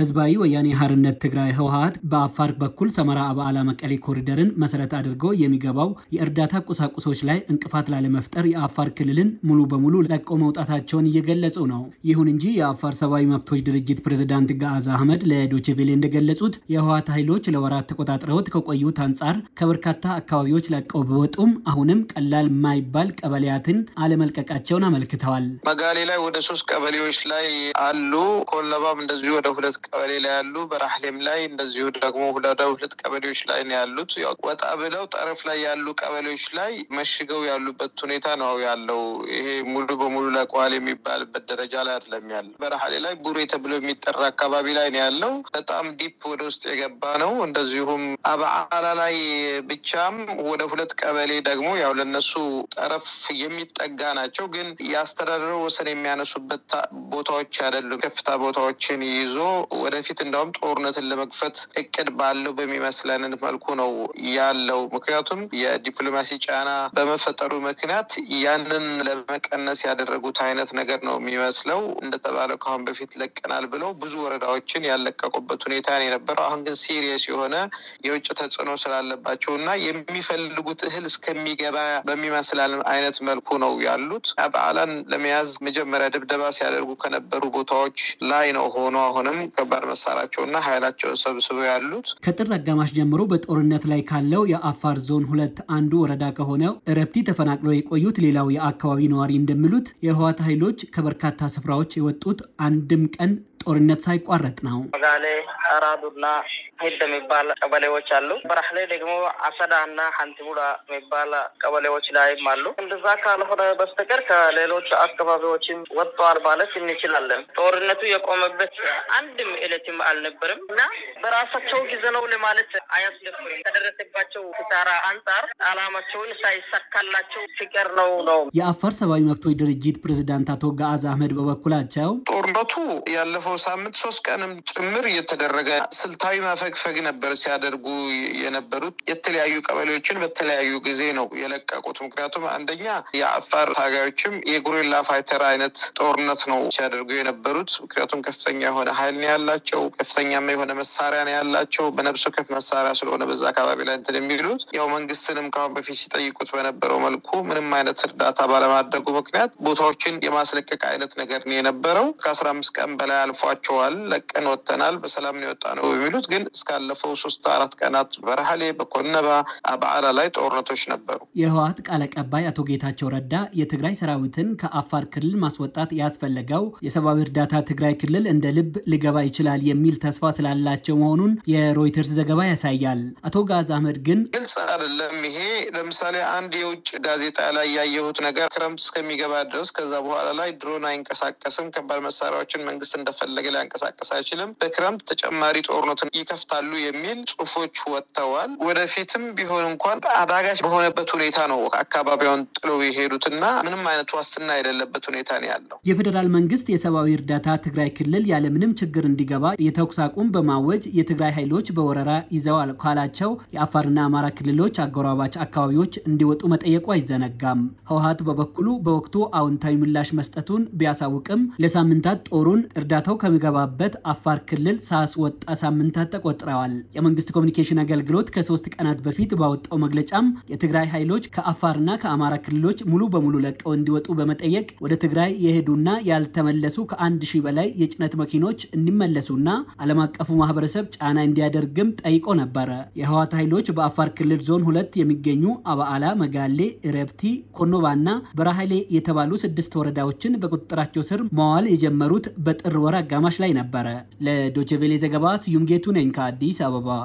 ህዝባዊ ወያኔ ሀርነት ትግራይ ህወሀት በአፋር በኩል ሰመራ አበዓላ መቀሌ ኮሪደርን መሰረት አድርጎ የሚገባው የእርዳታ ቁሳቁሶች ላይ እንቅፋት ላለመፍጠር የአፋር ክልልን ሙሉ በሙሉ ለቆ መውጣታቸውን እየገለጹ ነው። ይሁን እንጂ የአፋር ሰብአዊ መብቶች ድርጅት ፕሬዝዳንት ጋአዝ አህመድ ለዶችቬሌ እንደገለጹት የህወሀት ኃይሎች ለወራት ተቆጣጥረውት ከቆዩት አንጻር ከበርካታ አካባቢዎች ለቀው ቢወጡም አሁንም ቀላል ማይባል ቀበሌያትን አለመልቀቃቸውን አመልክተዋል። መጋሌ ላይ ወደ ሶስት ቀበሌዎች ላይ አሉ። ኮለባም እንደዚሁ ወደ ሁለት ቀበሌ ላይ ያሉ፣ በራህሌም ላይ እንደዚሁ ደግሞ ሁለዳ ሁለት ቀበሌዎች ላይ ነው ያሉት። ወጣ ብለው ጠረፍ ላይ ያሉ ቀበሌዎች ላይ መሽገው ያሉበት ሁኔታ ነው ያለው። ይሄ ሙሉ በሙሉ ለቋል የሚባልበት ደረጃ ላይ አይደለም ያለው። በራህሌ ላይ ቡሬ ተብሎ የሚጠራ አካባቢ ላይ ነው ያለው። በጣም ዲፕ ወደ ውስጥ የገባ ነው። እንደዚሁም አበዓላ ላይ ብቻም ወደ ሁለት ቀበሌ ደግሞ ያው ለነሱ ጠረፍ የሚጠጋ ናቸው፣ ግን የአስተዳደሩ ወሰን የሚያነሱበት ቦታዎች አይደሉም። ከፍታ ቦታዎችን ይዞ ወደፊት እንዳውም ጦርነትን ለመግፈት እቅድ ባለው በሚመስለንን መልኩ ነው ያለው። ምክንያቱም የዲፕሎማሲ ጫና በመፈጠሩ ምክንያት ያንን ለመቀነስ ያደረጉት አይነት ነገር ነው የሚመስለው። እንደተባለው ከአሁን በፊት ለቀናል ብለው ብዙ ወረዳዎችን ያለቀቁበት ሁኔታ ነው የነበረው። አሁን ግን ሲሪየስ የሆነ የውጭ ተጽዕኖ ስላለባቸው እና የሚፈልጉት እህል እስከሚገባ በሚመስላል አይነት መልኩ ነው ያሉት። በዓላን ለመያዝ መጀመሪያ ድብደባ ሲያደርጉ ከነበሩ ቦታዎች ላይ ነው ሆኖ አሁንም ከባድ መሳሪያቸውና ኃይላቸውን ሰብስበው ያሉት። ከጥር አጋማሽ ጀምሮ በጦርነት ላይ ካለው የአፋር ዞን ሁለት አንዱ ወረዳ ከሆነው እረብቲ ተፈናቅለው የቆዩት ሌላው የአካባቢ ነዋሪ እንደሚሉት የህዋት ኃይሎች ከበርካታ ስፍራዎች የወጡት አንድም ቀን ጦርነት ሳይቋረጥ ነው። መጋሌ አራዱና ሂድ የሚባል ቀበሌዎች አሉ። በራህ ላይ ደግሞ አሰዳና ሀንቲቡላ የሚባል ቀበሌዎች ላይም አሉ። እንደዛ ካልሆነ በስተቀር ከሌሎች አካባቢዎችም ወጥተዋል ማለት እንችላለን። ጦርነቱ የቆመበት አንድም እለትም አልነበርም እና በራሳቸው ጊዜ ነው ለማለት አያስደፍርም። ከደረሰባቸው ኪሳራ አንጻር አላማቸውን ሳይሳካላቸው ሲቀር ነው ነው። የአፋር ሰብአዊ መብቶች ድርጅት ፕሬዚዳንት አቶ ጋአዝ አህመድ በበኩላቸው ጦርነቱ ያለፈው ሳምንት ሶስት ቀንም ጭምር እየተደረገ ስልታዊ መፈግፈግ ነበር ሲያደርጉ የነበሩት። የተለያዩ ቀበሌዎችን በተለያዩ ጊዜ ነው የለቀቁት። ምክንያቱም አንደኛ የአፋር ታጋዮችም የጉሪላ ፋይተር አይነት ጦርነት ነው ሲያደርጉ የነበሩት። ምክንያቱም ከፍተኛ የሆነ ኃይል ነው ያላቸው፣ ከፍተኛማ የሆነ መሳሪያ ነው ያላቸው። በነብሶ ከፍ መሳሪያ ስለሆነ በዛ አካባቢ ላይ እንትን የሚሉት ያው መንግስትንም ከአሁን በፊት ሲጠይቁት በነበረው መልኩ ምንም አይነት እርዳታ ባለማድረጉ ምክንያት ቦታዎችን የማስለቀቅ አይነት ነገር ነው የነበረው። አስራ አምስት ቀን በላይ አልፏቸዋል። ለቀን ወጥተናል፣ በሰላም የወጣ ነው የሚሉት ግን እስካለፈው ሶስት አራት ቀናት በረሃሌ፣ በኮነባ፣ አበዓላ ላይ ጦርነቶች ነበሩ። የህወሀት ቃል አቀባይ አቶ ጌታቸው ረዳ የትግራይ ሰራዊትን ከአፋር ክልል ማስወጣት ያስፈለገው የሰብአዊ እርዳታ ትግራይ ክልል እንደ ልብ ሊገባ ይችላል የሚል ተስፋ ስላላቸው መሆኑን የሮይተርስ ዘገባ ያሳያል። አቶ ጋዝ አህመድ ግን ግልጽ አይደለም። ይሄ ለምሳሌ አንድ የውጭ ጋዜጣ ላይ ያየሁት ነገር ክረምት እስከሚገባ ድረስ ከዛ በኋላ ላይ ድሮን አይንቀሳቀስም ከባድ መሳሪያ መሳሪያዎችን መንግስት እንደፈለገ ሊያንቀሳቀስ አይችልም፣ በክረምት ተጨማሪ ጦርነትን ይከፍታሉ የሚል ጽሁፎች ወጥተዋል። ወደፊትም ቢሆን እንኳን አዳጋች በሆነበት ሁኔታ ነው አካባቢውን ጥለው የሄዱትና ምንም አይነት ዋስትና የሌለበት ሁኔታ ነው ያለው። የፌዴራል መንግስት የሰብአዊ እርዳታ ትግራይ ክልል ያለምንም ችግር እንዲገባ የተኩስ አቁም በማወጅ የትግራይ ኃይሎች በወረራ ይዘዋል ካላቸው የአፋርና አማራ ክልሎች አጎራባች አካባቢዎች እንዲወጡ መጠየቁ አይዘነጋም። ህወሀት በበኩሉ በወቅቱ አዎንታዊ ምላሽ መስጠቱን ቢያሳውቅም ለሳምንታት ጦሩን እርዳታው ከሚገባበት አፋር ክልል ሳስወጣ ሳምንታት ተቆጥረዋል። የመንግስት ኮሚኒኬሽን አገልግሎት ከሶስት ቀናት በፊት ባወጣው መግለጫም የትግራይ ኃይሎች ከአፋርና ከአማራ ክልሎች ሙሉ በሙሉ ለቀው እንዲወጡ በመጠየቅ ወደ ትግራይ የሄዱና ያልተመለሱ ከአንድ ሺህ በላይ የጭነት መኪኖች እንዲመለሱና ዓለም አቀፉ ማህበረሰብ ጫና እንዲያደርግም ጠይቆ ነበረ። የህዋት ኃይሎች በአፋር ክልል ዞን ሁለት የሚገኙ አበዓላ፣ መጋሌ፣ ረብቲ፣ ኮኖባና በራሃይሌ የተባሉ ስድስት ወረዳዎችን በቁጥጥራቸው ስር መዋል የጀመ የጀመሩት በጥር ወር አጋማሽ ላይ ነበረ። ለዶቼ ቬሌ ዘገባ ስዩም ጌቱ ነኝ ከአዲስ አበባ።